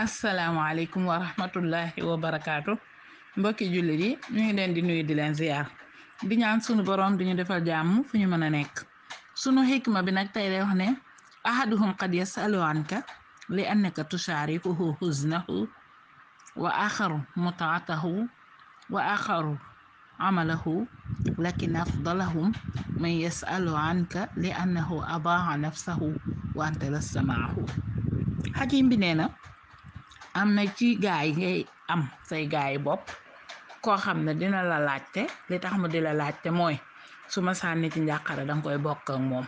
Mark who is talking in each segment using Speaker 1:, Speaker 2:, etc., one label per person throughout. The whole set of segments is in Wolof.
Speaker 1: asalaamaaleykum wa rahmatullahi wa barakaatu mbokki jullit yi ñu ngi leen di nuyu di leen ziyaar di ñaan sunu borom di ñu defal jàmm fu ñu mën a nekk sunu xikma bi nag tey day wax ne ahaduhum qad yasalu anka li annaka tushaarikuhu huznahu wa axaru mutaatahu wa amalahu lakin afdalahum man yasalu anka li annahu nafsahu wa lasta maahu xakim bi am na ci gaay ngay am say gaay bopp koo xam ne dina la laajte li tax mu di la laajte mooy su ma sànni ci njàqare danga koy bokk moom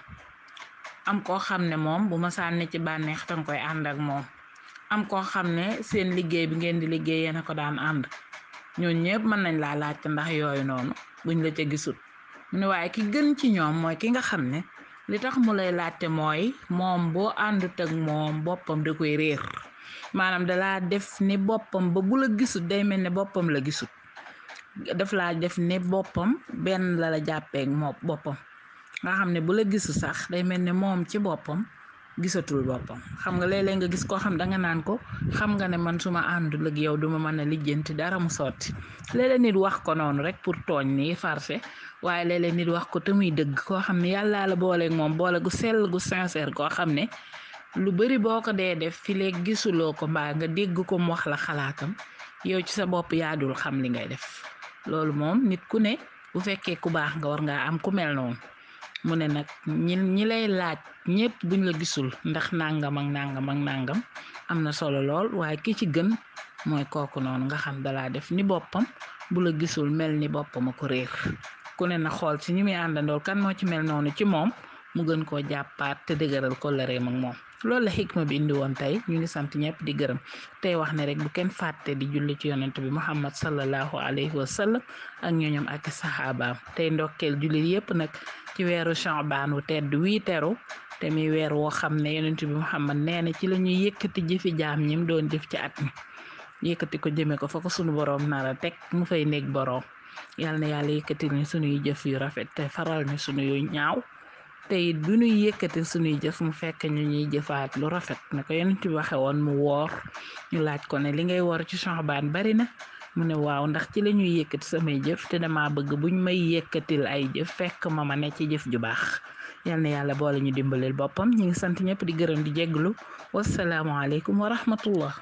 Speaker 1: am koo xam ne moom bu ma sànni ci bànneex danga koy ànd ak moom am koo xam ne seen liggéey bi ngeen di liggéey yéen ko daan ànd ñooñ ñëpp mën nañ laa laajte ndax yooyu noonu buñ la ca gisul mu ne waaye ki gën ci ñoom mooy ki nga xam ne li tax mu lay laajte mooy moom boo àndut ak moom boppam da koy réer maanaam dalaa def ni boppam ba bu la gisut day mel ni boppam la gisut daf laa def ne boppam benn la la jàppeek moo boppam nga xam ne bu la gisu sax day mel ni moom ci boppam gisatul boppam xam nga léeg nga gis koo xam danga naan ko xam nga ne man su ma àndul ak yow duma mën a lijjanti dara mu sotti léeg-léeg nit wax ko noonu rek pour tooñ nii farse waaye léeg nit wax ko te muy dëgg koo xam ne yàllaa la booleeg moom boole gu sell gu sincère koo xam ne lu bari boo ko dee def fileeg gisuloo ko mbaa nga dégg ko mu wax la xalaatam yow ci sa bopp yaadul xam li ngay def loolu moom nit ku ne bu fekkee ku baax nga war ngaa am ku mel noonu mu ne nag ñi ñi lay laaj ñépp buñ la gisul ndax nàngam ak nàngam ak nangam am na solo lool waaye ki ci gën mooy kooku noonu nga xam dalaa def ni boppam bu la gisul mel ni boppam a ko réer ku ne na xool ci ñi muy àndandool kan moo ci mel noonu ci moom mu gën koo jàppaat te dëgëral kóllëreem ak moom loolu la xikma bi indi woon tey ñu ngi sant ñëpp di gërëm tey wax ne rek bu kenn fàtte di julli ci yonent bi muhammad sallallahu alayhi wa sallam ak ñooñom ak saxaabaam tey ndokkeel jullit yëpp nag ci weeru Sha'baan wu tedd wii teru te mi weer woo xam ne yonent bi muhammad nee na ci la ñuy yëkkati jëfi jaam ñim doon jëf ci at mi yëkkati ko jëme ko fa ko sunu boroom nara teg mu fay néeg boroom yàlla na yàlla yëkkati ñu sunuy jëf yu rafet te faral ñu sunuyu ñaaw te it du ñuy yëkkati suñuy jëf mu fekk ñu ñuy jëfaat lu rafet na ko yonent bi waxe woon mu woor ñu laaj ko ne li ngay woor ci Shaabaan bari na mu ne waaw ndax ci la ñuy yëkkati samay jëf te dama bëgg buñ may yëkkatil ay jëf fekk ma ma ne ci jëf ju baax yal na yàlla boole ñu dimbaleel boppam ñu ngi sant ñëpp di gërëm di jégglu wasalaamualeykum wa rahmatullah